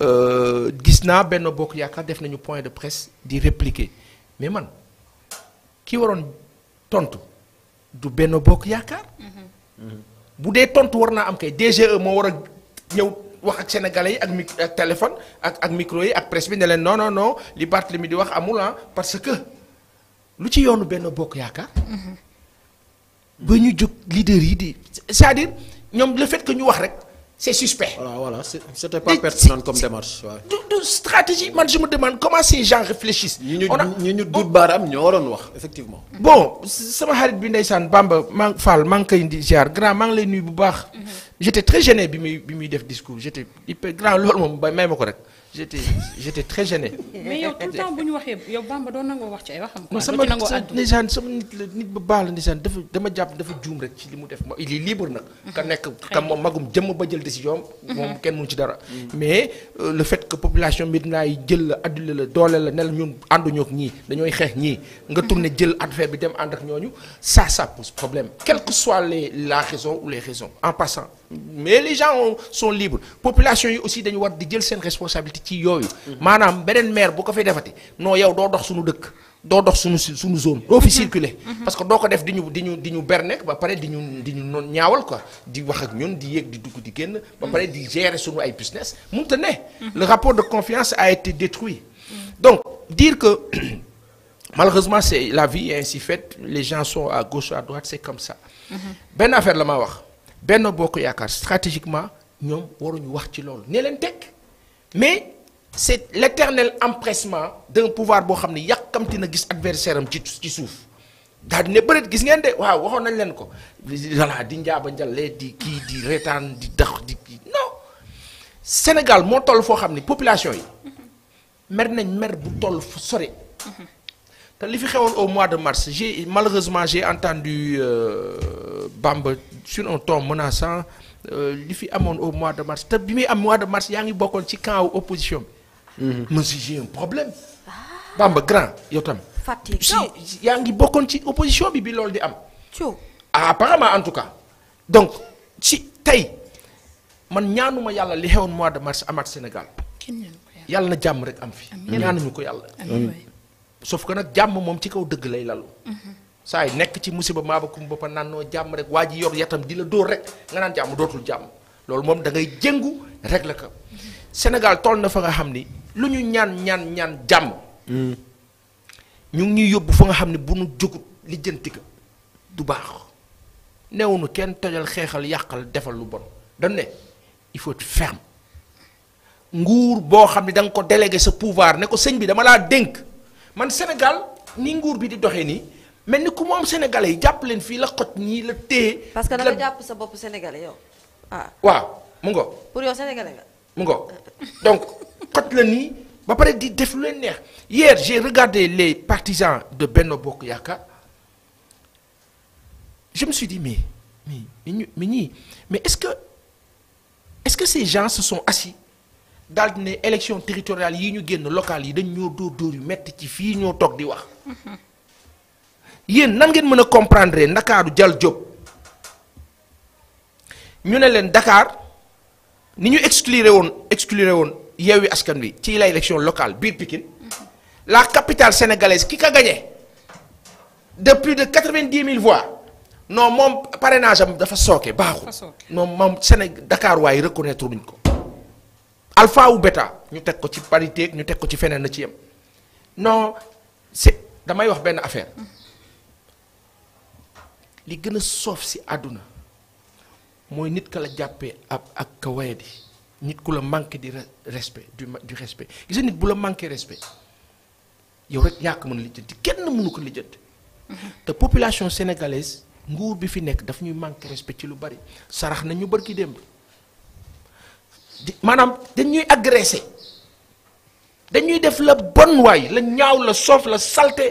Euh, gis naa benn bokk yaakaar def nañu point de presse di répliquer mais man kii waroon tontu du benn bokk yaakaar. Mm-hmm. bu dee tontu war naa am kay DGE moo war a ñëw wax ak sénégalais yi ak mi ak téléphone ak ak micro yi ak presse bi ne leen non non non li Barthélemy di wax amul ah parce que lu ci yoonu benn bokk yaakaar. Mm-hmm. ba ñu jóg leader yi di cest à ñoom le fait ñu wax rek. c'est suspect. voilà voilà c'était pas pertinent comme démarche. waaw du stratégie man je me demande comment ces gens réfléchissent. on a ñu ñu duut ñoo waroon wax effectivement. bon sama xarit bi ndeysaan Bamba maa Fall maa ngi koy indi ziar grand maa ngi lay nuyu bu baax. Mm-hmm. j'étais très gêné bi muy bi muy def discours j'étais hyper grand loolu moom ba may ma ko rek j'étais j'étais très gêné. mais yow tout temps bu ñu waxee yow Bamba doo nangoo wax ci ay waxam. quoi sama ndeysaan sama nit la nit bu baax la ndeysaan dafa dama jàpp dafa juum rek ci li mu def ma il est libre nag. ka nekk ka magum jëmm ba jël décision mhm. moom kenn mënu ci dara. Mhm. mais euh, le fait que population Médina yi jël la addule la doole la ne la ñun ànduñoo ak ñii dañooy xeex ñii. nga tourné mhm. jël affaire bi dem ànd ak ñooñu ça ça pose problème. quelle que soit les la raison ou les raisons mais les gens sont libres population yi aussi dañu war di jël seen responsabilité ci yooyu. maanaam beneen maire bu ko fay defati noo yow doo dox suñu dëkk. doo dox suñu suñu zone doo fi circuler parce que doo ko def di ñu di ñu di ñu bernek ba pare di ñu di ñu noon ñaawal quoi di wax ak ñun di yéeg di dugg di génn ba pare di gérer suñu ay business mënta ne le rapport de confiance a été détruit donc dire que malheureusement c'est la vie est ainsi faite les gens sont à gauche à droite c'est comme ça la ma wax benn bokk yaakaar stratégiquement ñoom waruñu wax ci loolu ne leen teg mais c' est l' éternel empressement d' un pouvoir boo xam ne yàkkamti na gis adversaire am ci ci suuf daal ne bëreet gis ngeen de waaw waxoon nañ leen ko voilà di njaaba njallee di kii di reetaan di dax di kii non Sénégal moo toll foo xam ne population yi mer nañ mer bu toll fu sori te li fi xewoon au mois de mars j'ai malheureusement j'ai entendu euh, Bamba sur un ton san euh, li fi amoon au mois de mars te bi muy am mois de mars yaa ngi bokkoon ci camp opposition bi. Mhm. ma si j'ai un problème. Bamba grand yaa ngi bokkoon ci opposition bi bi loolu di am. ah apparemment en tout cas donc si tey man ñaanuma yàlla li xewoon mois de mars amaat Sénégal. yàlla na jàmm rek am fi. ñaanuñu ko yàlla. sauf que nag jàmm moom ci kaw dëgg lay lalu. Mhm. saa nekk ci musiba maa ba kum ba nannoo jàmm rek waa ji yor yatam di la dóor rek nga naan jàmm dootul jàmm loolu moom dangay jëngu rek la ko Sénégal tool na fa nga xam ni lu ñu ñaan ñaan ñaan jàmm. Hmm. ñu ngi ñuy yóbbu fa nga xam ne bu nu jógut lijjanti du baax newuñu kenn tojal xeexal yàqal defal lu bon dañu ne il faut être nguur boo xam ne danga ko délégué sa pouvoir ne ko sëñ bi dama laa dénk man Sénégal ni nguur bi di doxee nii. mel ni ku moom sénégalais yi jàpp leen fii la xoj ñii la téye. parce que da nga jàpp sa bopp sénégalais yow. Ah. waaw mu ngo pour yow sénégalais nga. mu ngo donc xoj la nii ba pare di def lu leen neex hier j'ai regardé les partisans de Benno Bokk Yaakaar je me suis dit mais mais ñu mais ñii mais est-ce que est-ce que ces gens se sont daal di ne élection territoriale yi ñu génn locales yi dañ ñoo dóor dóor yu metti ci fii ñoo toog di wax yéen nan ngeen mën a comprendre ndakaaru jal job ñu ne leen dakaar ni ñu exclure woon exclure woon Yewwi Askan Wi ci la élection locale biir Pikine la capital sénégalaise ki ka gagné de plus de quatre-vingt-dix mille voix no moom parrainage dafa sooke baaxul moom moom Sénégal Dakar waaye reconnaître luñ ko alpha ou bêta ñu teg ko ci parité ñu teg ko ci feneen na ci yem no c'est damay wax benn affaire li gën a soof si àdduna mooy nit ka la jàppee ab ak wayadi nit ku la manqué di respect du respect gis nit bu la manqué respect yow rek ñàkk mën lijjanti kenn mënu ko lijjanti te population sénégalaise nguur bi fi nekk daf ñuy manqué respect ci lu bari sarax nañu ñu bërki démb maanaam dañuy agressé dañuy def la bon waay la ñaaw la soof la salte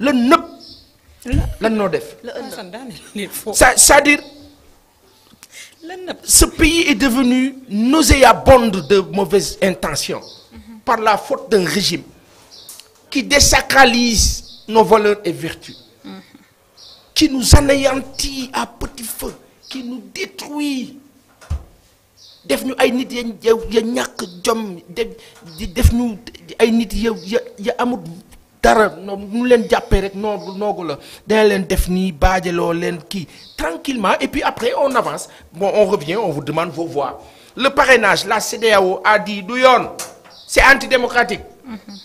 la nëb lan noo def. c'est-à-dire ce pays est devenu nauséabonde de mauvaises intentions par la faute d'un régime qui désacralise nos valeurs et vertus qui nous anéantit à petit feu qui nous détruit def ñu ay nit ya ya ñàkk jom def ñu ay nit ya ya amut dara nu leen jàppee rek noogu noogu la dana leen def nii baajaloo leen kii tranquillement et puis après on avance bon on revient on vous demande vos voix le parrainage la CEDEAO a dit du yoon c'est antidémocratique mm-hmm.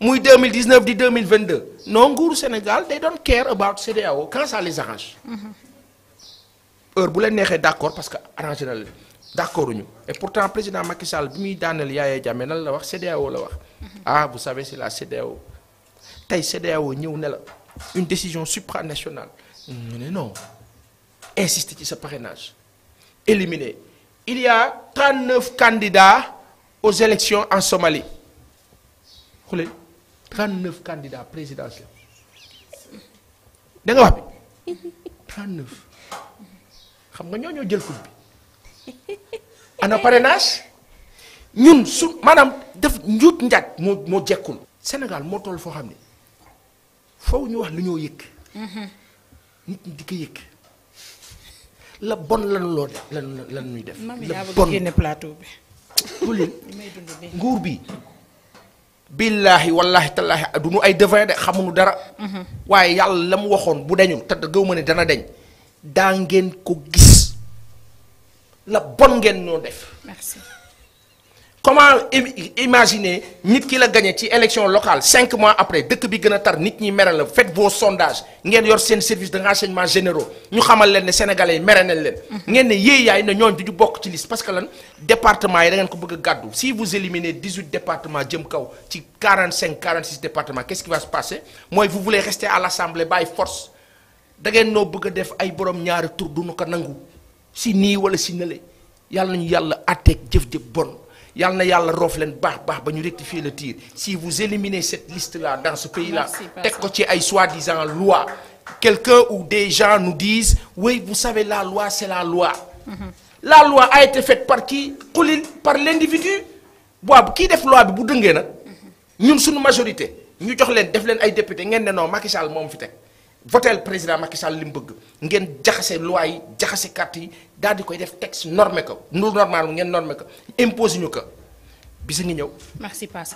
muy 2019 di 2022 non nguuru Sénégal they don't care about CEDEAO quand ça les arrange mm-hmm. heure bu leen neexee d'accord parce que arrangé na d'accord ñu et pourtant président Macky Sall bi muy daaneel Yaya Jammeh nan la wax CEDEAO la wax ah vous savez c'est la CEDEAO tey CEDEAO ñëw ne la une décision supranationale mu ne non insister ci sa parrainage éliminer il y a 39 candidats aux élections en Somalie xule 39 candidats présidentiels da nga wax bi 39 xam nga ñooñoo jël coupe bi ana parrainage ñun su maanaam def njuut njaaj moo moo jekkul Sénégal moo toll foo xam ne foofu ñu wax lu ñoo yëkk mhm. nit ñi di ko yëkk la bon lanu loo def lan lan ñuy def la bon génne plateau bi bu leen nguur bi billaahi wallaahi tallaahi du nu ay devin de xamuñu dara mhm. waaye yàlla la mu waxoon bu dañul te gëw ma ne dana deñ daa ngeen ko gis la bon ngeen noo def. merci comment imaginer nit ki la gagné ci élection locale cinq mois après dëkk bi gën a tar nit ñi mere la faites vos sondages ngeen yor seen service de renseignement généraux ñu xamal leen ne sénégalais yi mere nañ leen. Mhm. ngeen ne yéey yaay ne du ñu bokk ci liste parce que lan département yi da ngeen ko bëgg a gàddu si vous éliminez dix huit départements jëm kaw ci quarante cinq quarante six départements qu'est-ce qui va se passer mooy vous voulez rester à da ngeen noo bëgg def ay borom ñaari tur du nu ko nangu. si nii wala si nële yàlla nañu yàlla àtteeg jëf-jëf bon yàlla na yàlla roof leen baax baax ba ñu rectifier le tiir si vous éliminez cette liste là dans ce pays là teg ko ci ay soit disant loi quelque ou des gens nous disent oui vous savez la loi c'est la loi mm -hmm. la loi a été faite par qui xulil par l'individu boobu kii def loi bi bu dëngee nag mm-hmm. ñun suñu majorité ñu jox leen def leen ay député ngeen ne noo Macky moom fi teg votel président Macky Sall mu bëgg ngeen jaxase loi yi jaxase carte yi daal di koy def texte normé ko nu normal ngeen normé ko imposé ñu ko bisa ngi ñëw.